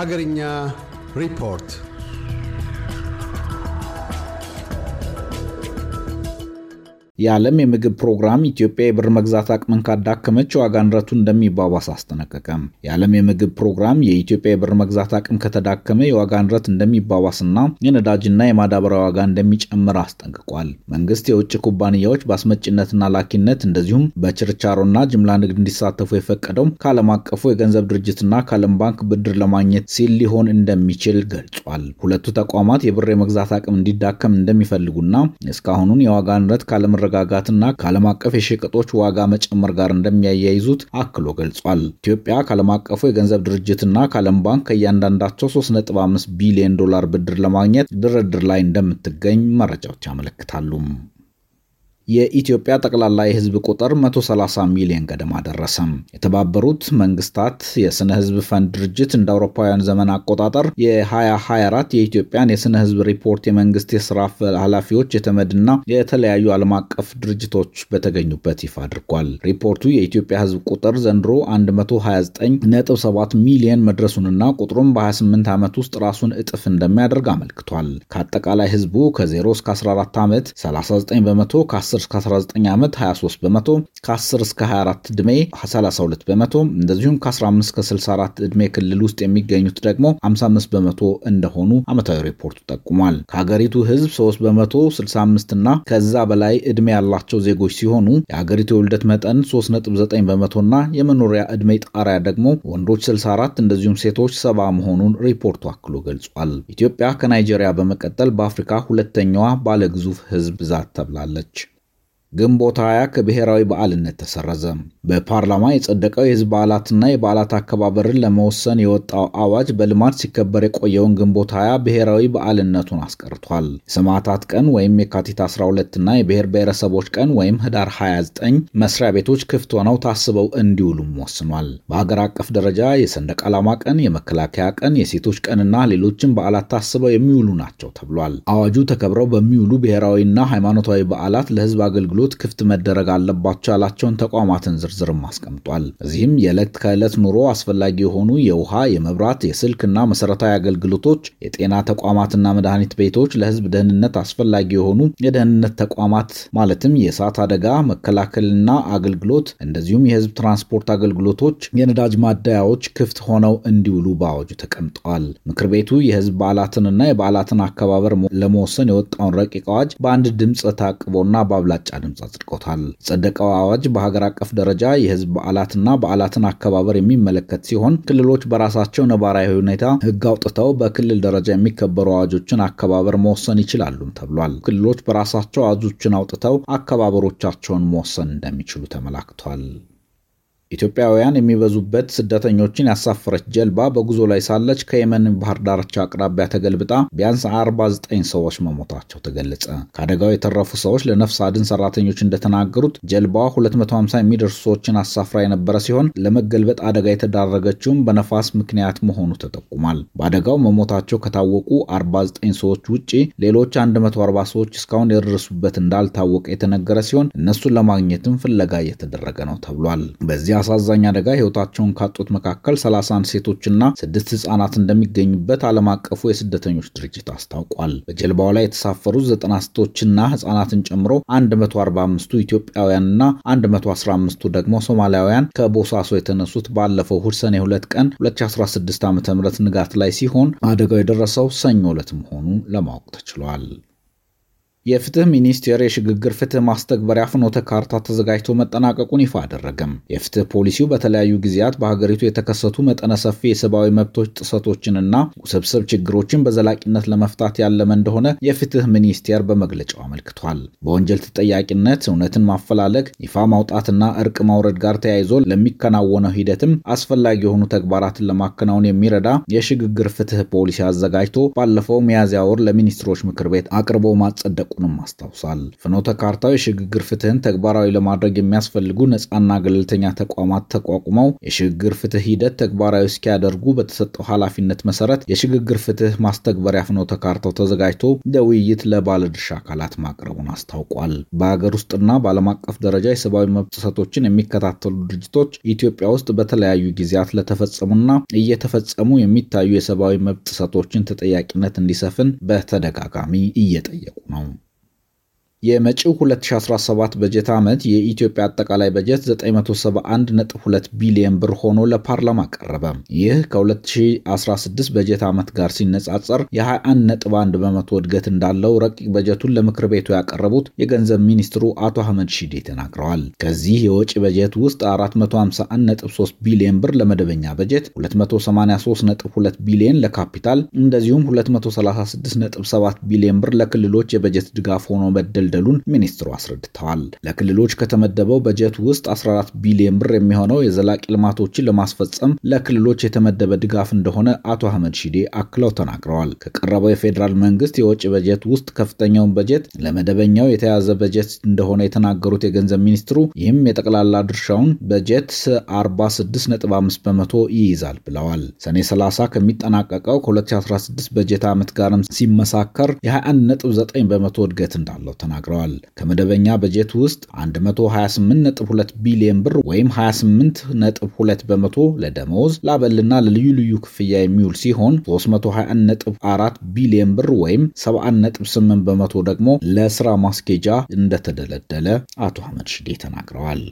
Hagarinya Report የዓለም የምግብ ፕሮግራም ኢትዮጵያ የብር መግዛት አቅምን ካዳከመች ዋጋ ንረቱ እንደሚባባስ አስጠነቀቀም የዓለም የምግብ ፕሮግራም የኢትዮጵያ የብር መግዛት አቅም ከተዳከመ የዋጋ ንረት እንደሚባባስና የነዳጅና የማዳበሪያ ዋጋ እንደሚጨምር አስጠንቅቋል። መንግስት የውጭ ኩባንያዎች በአስመጭነትና ላኪነት እንደዚሁም በችርቻሮና ጅምላ ንግድ እንዲሳተፉ የፈቀደው ከዓለም አቀፉ የገንዘብ ድርጅትና ከዓለም ባንክ ብድር ለማግኘት ሲል ሊሆን እንደሚችል ገልጿል። ሁለቱ ተቋማት የብር የመግዛት አቅም እንዲዳከም እንደሚፈልጉና እስካሁኑን የዋጋ ንረት ካለመረ መረጋጋትና ከዓለም አቀፍ የሸቀጦች ዋጋ መጨመር ጋር እንደሚያያይዙት አክሎ ገልጿል። ኢትዮጵያ ከዓለም አቀፉ የገንዘብ ድርጅትና ከዓለም ባንክ ከእያንዳንዳቸው 3.5 ቢሊዮን ዶላር ብድር ለማግኘት ድርድር ላይ እንደምትገኝ መረጃዎች ያመለክታሉ። የኢትዮጵያ ጠቅላላ የህዝብ ቁጥር 130 ሚሊዮን ገደማ ደረሰም። የተባበሩት መንግስታት የስነ ህዝብ ፈንድ ድርጅት እንደ አውሮፓውያን ዘመን አቆጣጠር የ2024 የኢትዮጵያን የስነ ህዝብ ሪፖርት የመንግስት የስራ ኃላፊዎች የተመድና የተለያዩ ዓለም አቀፍ ድርጅቶች በተገኙበት ይፋ አድርጓል። ሪፖርቱ የኢትዮጵያ ህዝብ ቁጥር ዘንድሮ 129.7 ሚሊዮን መድረሱንና ቁጥሩም በ28 ዓመት ውስጥ ራሱን እጥፍ እንደሚያደርግ አመልክቷል። ከአጠቃላይ ህዝቡ ከ0 እስከ 14 ዓመት 39 በመቶ ከ10 እስከ 19 ዓመት 23 በመቶ፣ ከ10 እስከ 24 ዕድሜ 32 በመቶ እንደዚሁም ከ15 እስከ 64 ዕድሜ ክልል ውስጥ የሚገኙት ደግሞ 55 በመቶ እንደሆኑ ዓመታዊ ሪፖርቱ ጠቁሟል። ከሀገሪቱ ህዝብ 3 በመቶ 65 እና ከዛ በላይ ዕድሜ ያላቸው ዜጎች ሲሆኑ የሀገሪቱ የውልደት መጠን 3.9 በመቶ እና የመኖሪያ ዕድሜ ጣሪያ ደግሞ ወንዶች 64 እንደዚሁም ሴቶች ሰባ መሆኑን ሪፖርቱ አክሎ ገልጿል። ኢትዮጵያ ከናይጄሪያ በመቀጠል በአፍሪካ ሁለተኛዋ ባለግዙፍ ህዝብ ብዛት ተብላለች። ግንቦት 20 ከብሔራዊ በዓልነት ተሰረዘ። በፓርላማ የጸደቀው የህዝብ በዓላትና የበዓላት አከባበርን ለመወሰን የወጣው አዋጅ በልማድ ሲከበር የቆየውን ግንቦት 20 ብሔራዊ በዓልነቱን አስቀርቷል። የሰማዕታት ቀን ወይም የካቲት 12ና የብሔር ብሔረሰቦች ቀን ወይም ህዳር 29 መስሪያ ቤቶች ክፍት ሆነው ታስበው እንዲውሉም ወስኗል። በሀገር አቀፍ ደረጃ የሰንደቅ ዓላማ ቀን፣ የመከላከያ ቀን፣ የሴቶች ቀንና ሌሎችም በዓላት ታስበው የሚውሉ ናቸው ተብሏል። አዋጁ ተከብረው በሚውሉ ብሔራዊና ሃይማኖታዊ በዓላት ለህዝብ አገልግሎት ያሉት ክፍት መደረግ አለባቸው ያላቸውን ተቋማትን ዝርዝርም አስቀምጧል። እዚህም የዕለት ከዕለት ኑሮ አስፈላጊ የሆኑ የውሃ፣ የመብራት፣ የስልክና መሰረታዊ አገልግሎቶች፣ የጤና ተቋማትና መድኃኒት ቤቶች፣ ለህዝብ ደህንነት አስፈላጊ የሆኑ የደህንነት ተቋማት ማለትም የእሳት አደጋ መከላከልና አገልግሎት እንደዚሁም የህዝብ ትራንስፖርት አገልግሎቶች፣ የነዳጅ ማደያዎች ክፍት ሆነው እንዲውሉ በአዋጁ ተቀምጠዋል። ምክር ቤቱ የህዝብ በዓላትንና የበዓላትን አከባበር ለመወሰን የወጣውን ረቂቅ አዋጅ በአንድ ድምፅ ታቅቦና በአብላጫ ድምፅ አጽድቆታል። የጸደቀው አዋጅ በሀገር አቀፍ ደረጃ የህዝብ በዓላትና በዓላትን አከባበር የሚመለከት ሲሆን ክልሎች በራሳቸው ነባራዊ ሁኔታ ህግ አውጥተው በክልል ደረጃ የሚከበሩ አዋጆችን አከባበር መወሰን ይችላሉም ተብሏል። ክልሎች በራሳቸው አዋጆችን አውጥተው አከባበሮቻቸውን መወሰን እንደሚችሉ ተመላክቷል። ኢትዮጵያውያን የሚበዙበት ስደተኞችን ያሳፈረች ጀልባ በጉዞ ላይ ሳለች ከየመን ባህር ዳርቻ አቅራቢያ ተገልብጣ ቢያንስ 49 ሰዎች መሞታቸው ተገለጸ። ከአደጋው የተረፉ ሰዎች ለነፍስ አድን ሰራተኞች እንደተናገሩት ጀልባዋ 250 የሚደርሱ ሰዎችን አሳፍራ የነበረ ሲሆን ለመገልበጥ አደጋ የተዳረገችውም በነፋስ ምክንያት መሆኑ ተጠቁሟል። በአደጋው መሞታቸው ከታወቁ 49 ሰዎች ውጪ ሌሎች 140 ሰዎች እስካሁን የደረሱበት እንዳልታወቀ የተነገረ ሲሆን እነሱን ለማግኘትም ፍለጋ እየተደረገ ነው ተብሏል። በዚያ አሳዛኝ አደጋ ሕይወታቸውን ካጡት መካከል 31 ሴቶችና ስድስት ህጻናት እንደሚገኙበት ዓለም አቀፉ የስደተኞች ድርጅት አስታውቋል። በጀልባው ላይ የተሳፈሩት ዘጠና ሴቶችና ህጻናትን ጨምሮ 145ቱ ኢትዮጵያውያንና 115ቱ ደግሞ ሶማሊያውያን ከቦሳሶ የተነሱት ባለፈው እሁድ ሰኔ 2 ቀን 2016 ዓ.ም ንጋት ላይ ሲሆን አደጋው የደረሰው ሰኞ ዕለት መሆኑ ለማወቅ ተችሏል። የፍትህ ሚኒስቴር የሽግግር ፍትህ ማስተግበሪያ ፍኖተ ካርታ ተዘጋጅቶ መጠናቀቁን ይፋ አደረገም። የፍትህ ፖሊሲው በተለያዩ ጊዜያት በሀገሪቱ የተከሰቱ መጠነ ሰፊ የሰብአዊ መብቶች ጥሰቶችንና ውስብስብ ችግሮችን በዘላቂነት ለመፍታት ያለመ እንደሆነ የፍትህ ሚኒስቴር በመግለጫው አመልክቷል። በወንጀል ተጠያቂነት፣ እውነትን ማፈላለግ፣ ይፋ ማውጣትና እርቅ ማውረድ ጋር ተያይዞ ለሚከናወነው ሂደትም አስፈላጊ የሆኑ ተግባራትን ለማከናወን የሚረዳ የሽግግር ፍትህ ፖሊሲ አዘጋጅቶ ባለፈው ሚያዝያ ወር ለሚኒስትሮች ምክር ቤት አቅርቦ ማጸደቁ መጠየቁንም አስታውሳል። ፍኖተ ካርታው የሽግግር ፍትህን ተግባራዊ ለማድረግ የሚያስፈልጉ ነፃና ገለልተኛ ተቋማት ተቋቁመው የሽግግር ፍትህ ሂደት ተግባራዊ እስኪያደርጉ በተሰጠው ኃላፊነት መሰረት የሽግግር ፍትህ ማስተግበሪያ ፍኖተ ካርታው ተዘጋጅቶ ለውይይት ለባለድርሻ አካላት ማቅረቡን አስታውቋል። በሀገር ውስጥና በዓለም አቀፍ ደረጃ የሰብአዊ መብት ጥሰቶችን የሚከታተሉ ድርጅቶች ኢትዮጵያ ውስጥ በተለያዩ ጊዜያት ለተፈጸሙና እየተፈጸሙ የሚታዩ የሰብአዊ መብት ጥሰቶችን ተጠያቂነት እንዲሰፍን በተደጋጋሚ እየጠየቁ ነው። የመጪው 2017 በጀት ዓመት የኢትዮጵያ አጠቃላይ በጀት 971.2 ቢሊዮን ብር ሆኖ ለፓርላማ ቀረበ። ይህ ከ2016 በጀት ዓመት ጋር ሲነጻጸር የ21.1 በመቶ እድገት እንዳለው ረቂቅ በጀቱን ለምክር ቤቱ ያቀረቡት የገንዘብ ሚኒስትሩ አቶ አህመድ ሺዴ ተናግረዋል። ከዚህ የወጪ በጀት ውስጥ 451.3 ቢሊዮን ብር ለመደበኛ በጀት፣ 283.2 ቢሊዮን ለካፒታል እንደዚሁም 236.7 ቢሊዮን ብር ለክልሎች የበጀት ድጋፍ ሆኖ መደል መደልደሉን ሚኒስትሩ አስረድተዋል። ለክልሎች ከተመደበው በጀት ውስጥ 14 ቢሊዮን ብር የሚሆነው የዘላቂ ልማቶችን ለማስፈጸም ለክልሎች የተመደበ ድጋፍ እንደሆነ አቶ አህመድ ሺዴ አክለው ተናግረዋል። ከቀረበው የፌዴራል መንግስት የወጪ በጀት ውስጥ ከፍተኛውን በጀት ለመደበኛው የተያዘ በጀት እንደሆነ የተናገሩት የገንዘብ ሚኒስትሩ ይህም የጠቅላላ ድርሻውን በጀት 46.5 በመቶ ይይዛል ብለዋል። ሰኔ 30 ከሚጠናቀቀው ከ2016 በጀት ዓመት ጋርም ሲመሳከር የ21.9 በመቶ እድገት እንዳለው ተናግረዋል። ተናግረዋል። ከመደበኛ በጀት ውስጥ 128.2 ቢሊዮን ብር ወይም 28.2 በመቶ ለደመወዝ ላበልና ለልዩ ልዩ ክፍያ የሚውል ሲሆን 321.4 ቢሊዮን ብር ወይም 71.8 በመቶ ደግሞ ለስራ ማስኬጃ እንደተደለደለ አቶ አህመድ ሽዴ ተናግረዋል።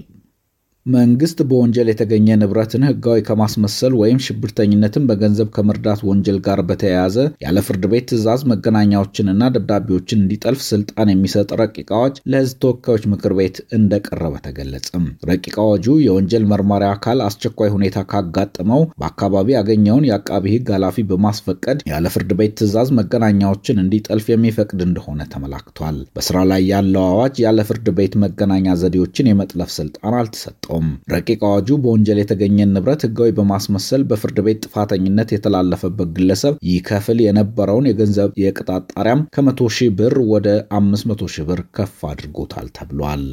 መንግስት በወንጀል የተገኘ ንብረትን ህጋዊ ከማስመሰል ወይም ሽብርተኝነትን በገንዘብ ከመርዳት ወንጀል ጋር በተያያዘ ያለ ፍርድ ቤት ትእዛዝ መገናኛዎችንና ደብዳቤዎችን እንዲጠልፍ ስልጣን የሚሰጥ ረቂቅ አዋጅ ለህዝብ ተወካዮች ምክር ቤት እንደቀረበ ተገለጸም። ረቂቅ አዋጁ የወንጀል መርማሪያ አካል አስቸኳይ ሁኔታ ካጋጠመው በአካባቢ ያገኘውን የአቃቢ ህግ ኃላፊ በማስፈቀድ ያለ ፍርድ ቤት ትዕዛዝ መገናኛዎችን እንዲጠልፍ የሚፈቅድ እንደሆነ ተመላክቷል። በስራ ላይ ያለው አዋጅ ያለ ፍርድ ቤት መገናኛ ዘዴዎችን የመጥለፍ ስልጣን አልተሰጠውም። አላቆሙም። ረቂቅ አዋጁ በወንጀል የተገኘን ንብረት ህጋዊ በማስመሰል በፍርድ ቤት ጥፋተኝነት የተላለፈበት ግለሰብ ይከፍል የነበረውን የገንዘብ የቅጣት ጣሪያም 10 ሺህ ብር ወደ 500 ሺህ ብር ከፍ አድርጎታል ተብሏል።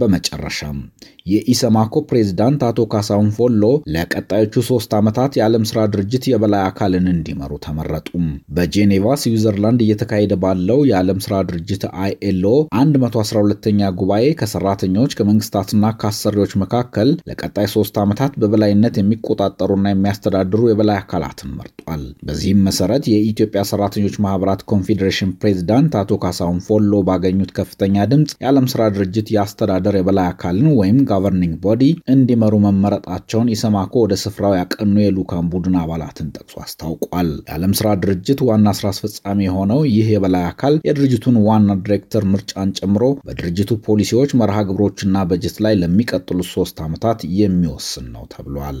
በመጨረሻም የኢሰማኮ ፕሬዝዳንት አቶ ካሳሁን ፎሎ ለቀጣዮቹ ሶስት ዓመታት የዓለም ስራ ድርጅት የበላይ አካልን እንዲመሩ ተመረጡ። በጄኔቫ ስዊዘርላንድ እየተካሄደ ባለው የዓለም ስራ ድርጅት አይኤልኦ 112ኛ ጉባኤ ከሰራተኞች ከመንግስታትና ከአሰሪዎች መካከል ለቀጣይ ሶስት ዓመታት በበላይነት የሚቆጣጠሩና የሚያስተዳድሩ የበላይ አካላትን መርጧል። በዚህም መሰረት የኢትዮጵያ ሰራተኞች ማህበራት ኮንፌዴሬሽን ፕሬዝዳንት አቶ ካሳሁን ፎሎ ባገኙት ከፍተኛ ድምፅ የዓለም ስራ ድርጅት ያስተዳድ አስተዳደር የበላይ አካልን ወይም ጋቨርኒንግ ቦዲ እንዲመሩ መመረጣቸውን ኢሰማኮ ወደ ስፍራው ያቀኑ የልዑካን ቡድን አባላትን ጠቅሶ አስታውቋል። የዓለም ስራ ድርጅት ዋና ስራ አስፈጻሚ የሆነው ይህ የበላይ አካል የድርጅቱን ዋና ዲሬክተር ምርጫን ጨምሮ በድርጅቱ ፖሊሲዎች፣ መርሃ ግብሮችና በጀት ላይ ለሚቀጥሉት ሶስት ዓመታት የሚወስን ነው ተብሏል።